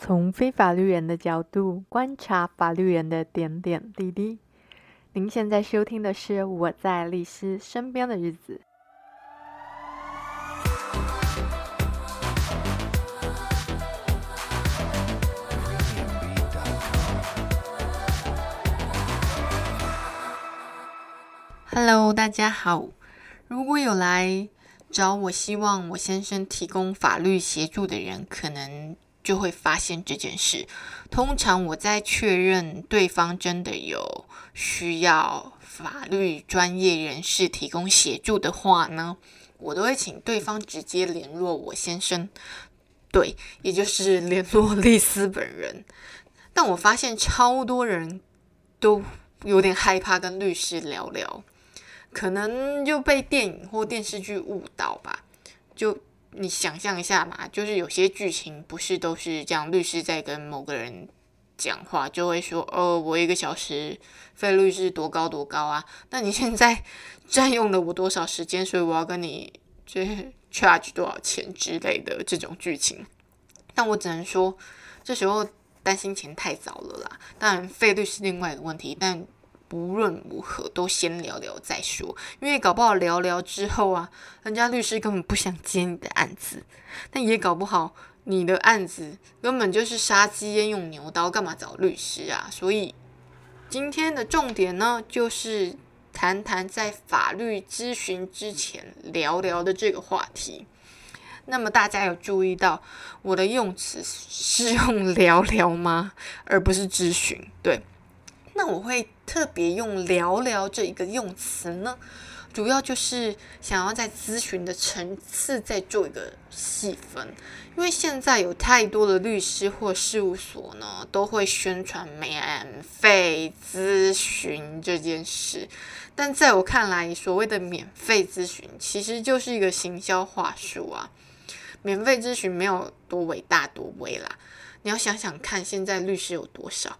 從非法律人的角度觀察法律人的點點滴滴。您現在收聽的是《我在律師身邊的日子》。Hello，大家好。如果有來找我希望我先生提供法律協助的人，可能。就會發現這件事。通常我在確認對方真的有需要法律專業人士提供協助的話呢，我都會請對方直接聯絡我先生，對，也就是聯絡律師本人。但我發現超多人都有點害怕跟律師聊聊，可能就被電影或電視劇誤導吧，就。你想象一下嘛，就是有些劇情不是都是這樣，律師在跟某個人講話，就會說，哦，我一個小時費率是多高多高啊？那你現在佔用了我多少時間，所以我要跟你就是 charge 多少錢之類的這種劇情。但我只能說，這時候擔心錢太早了啦。當然費率是另外一個問題，但。不論如何，都先聊聊再說，因為搞不好聊聊之後啊，人家律師根本不想接你的案子，但也搞不好你的案子根本就是殺雞焉用牛刀，幹嘛找律師啊？所以今天的重點呢，就是談談在法律諮詢之前聊聊的這個話題。那麼大家有注意到我的用詞是用“聊聊”嗎？而不是“諮詢”，對。那我會特別用“聊聊”這一個用詞呢，主要就是想要在諮詢的層次再做一個細分，因為現在有太多的律師或事務所呢，都會宣傳免費諮詢這件事，但在我看來，所謂的免費諮詢其實就是一個行銷話術啊，免費諮詢沒有多偉大多偉啦，你要想想看，現在律師有多少？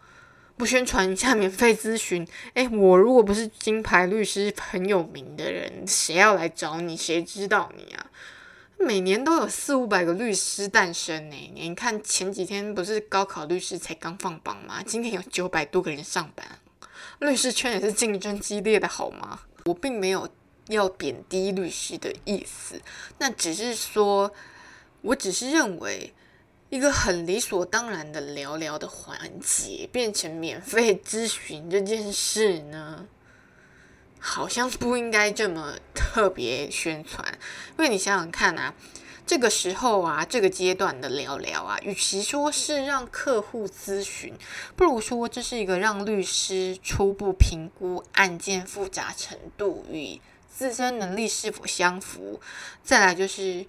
不宣傳一下免費諮詢？誒、欸，我如果不是金牌律師、很有名的人，誰要來找你？誰知道你啊？每年都有四五百個律師誕生呢、欸。你看前幾天不是高考律師才剛放榜嗎？今天有九百多個人上榜，律師圈也是競爭激烈的好嗎？我並沒有要貶低律師的意思，那只是說，我只是認為。一個很理所當然的聊聊的環節，變成免費諮詢這件事呢，好像不應該這麼特別宣傳。因為你想想看啊，這個時候啊，這個階段的聊聊啊，與其說是讓客戶諮詢，不如說這是一個讓律師初步評估案件複雜程度與自身能力是否相符。再來就是。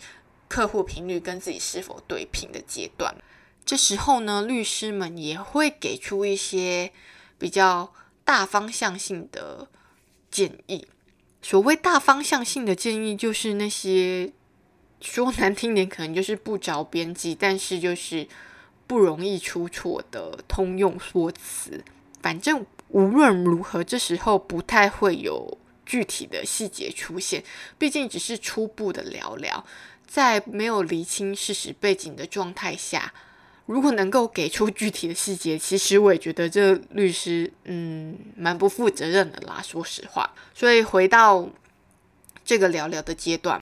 客戶頻率跟自己是否對頻的階段，這時候呢，律師們也會給出一些比較大方向性的建議。所謂大方向性的建議，就是那些說難聽點，可能就是不着邊際，但是就是不容易出錯的通用說辭。反正無論如何，這時候不太會有具體的細節出現，畢竟只是初步的聊聊。在沒有理清事實背景的狀態下，如果能夠給出具體的細節，其實我也覺得這律師嗯蠻不負責任的啦。說實話，所以回到這個聊聊的階段。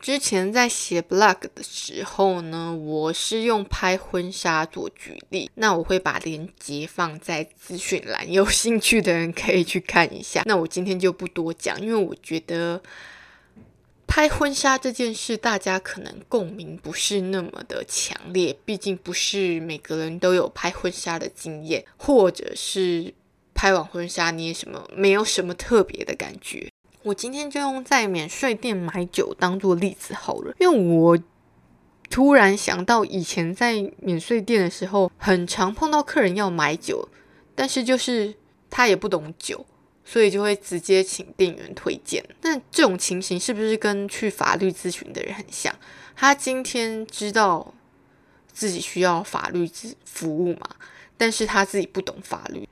之前在寫 blog 的時候呢，我是用拍婚紗做舉例，那我會把鏈接放在資訊欄，有興趣的人可以去看一下。那我今天就不多講，因為我覺得。拍婚紗這件事，大家可能共鳴不是那麼的強烈，畢竟不是每個人都有拍婚紗的經驗，或者是拍完婚紗你也什麼沒有什麼特別的感覺。我今天就用在免稅店買酒當做例子好了，因為我突然想到以前在免稅店的時候，很常碰到客人要買酒，但是就是他也不懂酒。所以就會直接請店員推薦。那這種情形是不是跟去法律諮詢的人很像？他今天知道自己需要法律服務嘛，但是他自己不懂法律。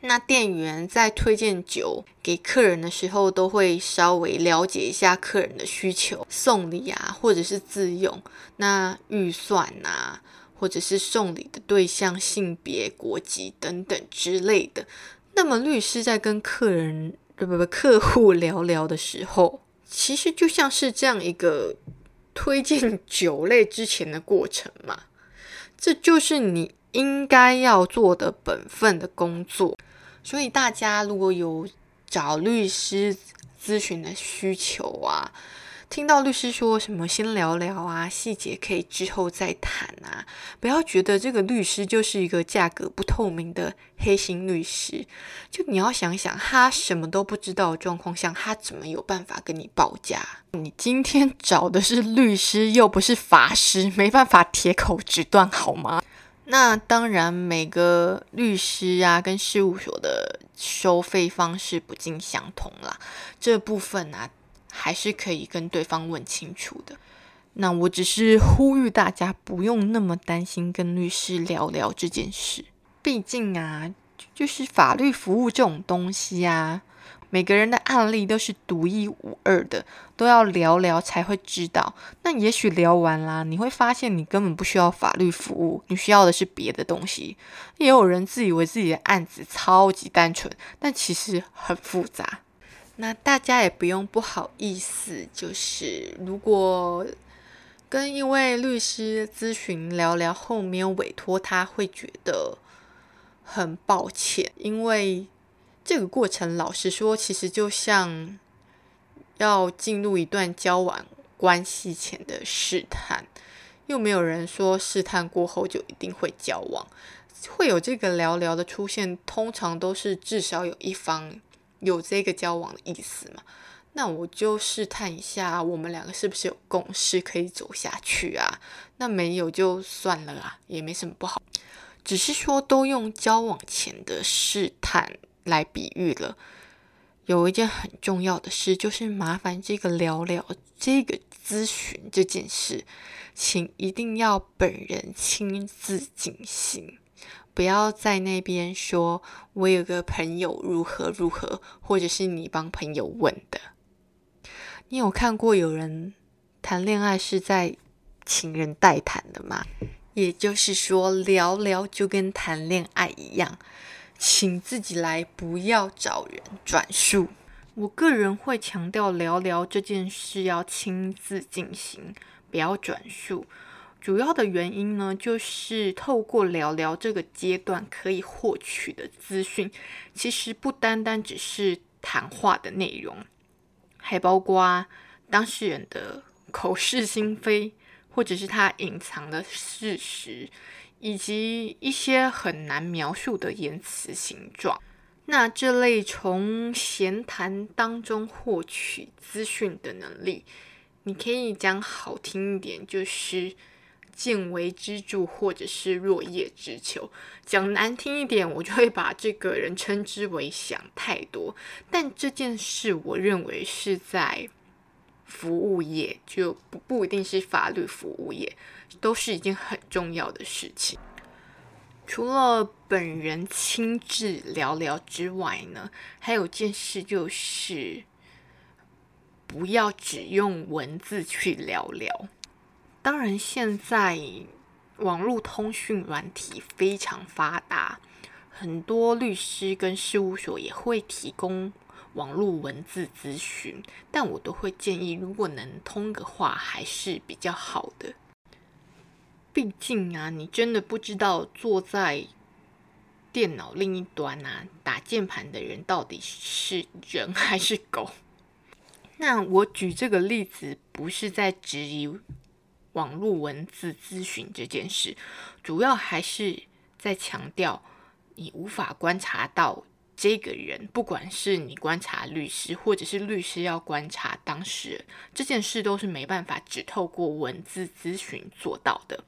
那店員在推薦酒給客人的時候，都會稍微了解一下客人的需求，送禮啊，或者是自用，那預算啊，或者是送禮的對象、性別、國籍等等之類的。那麼律師在跟客人，不不不，客戶聊聊的時候，其實就像是這樣一個推薦酒類之前的過程嘛，這就是你應該要做的本分的工作。所以大家如果有找律師諮詢的需求啊。聽到律師說什麼先聊聊啊，細節可以之後再談啊，不要覺得這個律師就是一個價格不透明的黑心律師。就你要想想，他什麼都不知道的狀況下，他怎麼有辦法跟你報價？你今天找的是律師，又不是法師，沒辦法鐵口直斷好嗎？那當然，每個律師啊跟事務所的收費方式不盡相同啦，這部分啊。還是可以跟對方問清楚的。那我只是呼籲大家不用那麼擔心跟律師聊聊這件事。畢竟啊，就是法律服務這種東西啊，每個人的案例都是獨一無二的，都要聊聊才會知道。那也許聊完啦，你會發現你根本不需要法律服務，你需要的是別的東西。也有人自以為自己的案子超級單純，但其實很複雜。那大家也不用不好意思，就是如果跟一位律師諮詢聊聊後面委託，他會覺得很抱歉，因為這個過程老實說，其實就像要進入一段交往關係前的試探，又沒有人說試探過後就一定會交往，會有這個聊聊的出現，通常都是至少有一方，有這個交往的意思嗎？那我就試探一下，我們兩個是不是有共識可以走下去啊？那沒有就算了啊，也沒什麼不好，只是說都用交往前的試探來比喻了。有一件很重要的事，就是麻煩這個聊聊這個諮詢這件事，請一定要本人親自進行。不要在那邊說“我有個朋友如何如何”，或者是你幫朋友問的。你有看過有人談戀愛是在請人代談的嗎？也就是說，聊聊就跟談戀愛一樣，請自己來，不要找人轉述。我個人會強調，聊聊這件事要親自進行，不要轉述。主要的原因呢，就是透過聊聊這個階段可以獲取的資訊，其實不單單只是談話的內容，還包括當事人的口是心非，或者是他隱藏的事實，以及一些很難描述的言辭形狀。那這類從閒談當中獲取資訊的能力，你可以講好聽一點，就是。見微知著，或者是落葉知秋。講難聽一點，我就會把這個人稱之為想太多。但這件事，我認為是在服務業，就不，不一定是法律服務業，都是一件很重要的事情。除了本人親自聊聊之外呢，還有件事就是，不要只用文字去聊聊。當然，現在網絡通訊軟體非常發達，很多律師跟事務所也會提供網絡文字諮詢，但我都會建議，如果能通的話，還是比較好的。畢竟啊，你真的不知道坐在電腦另一端啊，打鍵盤的人到底是人還是狗。那我舉這個例子，不是在質疑。網絡文字諮詢這件事，主要還是在強調你無法觀察到這個人，不管是你觀察律師，或者是律師要觀察當事人，這件事都是沒辦法只透過文字諮詢做到的。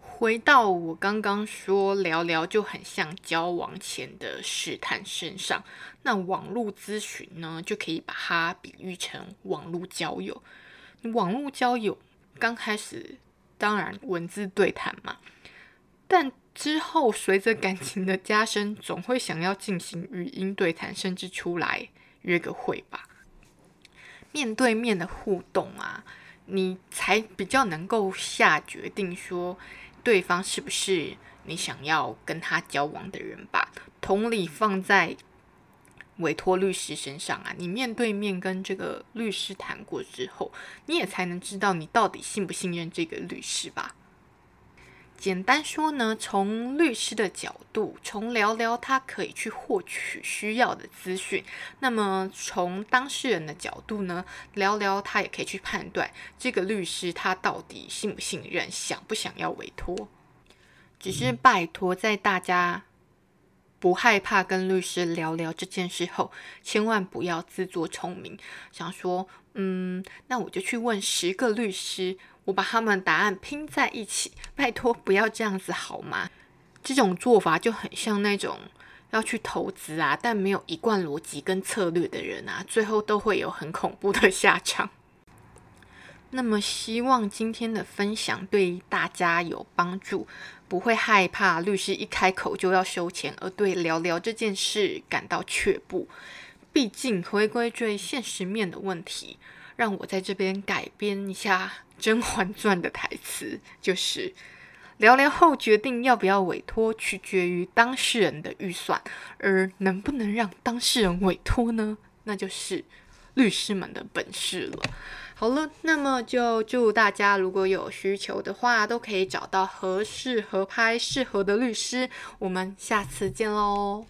回到我剛剛說聊聊就很像交往前的試探身上，那網絡諮詢呢，就可以把它比喻成網絡交友，網絡交友。剛開始，當然文字對談嘛，但之後隨着感情的加深，總會想要進行語音對談，甚至出來約個會吧，面對面的互動啊，你才比較能夠下決定說對方是不是你想要跟他交往的人吧。同理放在。委託律師身上啊，你面對面跟這個律師談過之後，你也才能知道你到底信不信任這個律師吧。簡單說呢，從律師的角度，從聊聊他可以去獲取需要的資訊；那麼從當事人的角度呢，聊聊他也可以去判斷這個律師他到底信不信任，想不想要委託。只是拜託，在大家。不害怕跟律師聊聊這件事後，千萬不要自作聰明，想說，嗯，那我就去問十個律師，我把他們的答案拼在一起，拜托不要這樣子好嗎？這種做法就很像那種要去投資啊，但沒有一貫邏輯跟策略的人啊，最後都會有很恐怖的下場。那麼，希望今天的分享對大家有幫助。不會害怕律師一開口就要收錢，而對聊聊這件事感到卻步。畢竟回歸最現實面的問題，讓我在這邊改編一下《甄嬛傳》的台詞，就是聊聊後決定要不要委托，取決於當事人的預算，而能不能讓當事人委託呢？那就是律師們的本事了。好了，那麼就祝大家如果有需求的話，都可以找到合適、合拍、適合的律師。我們下次見嘍。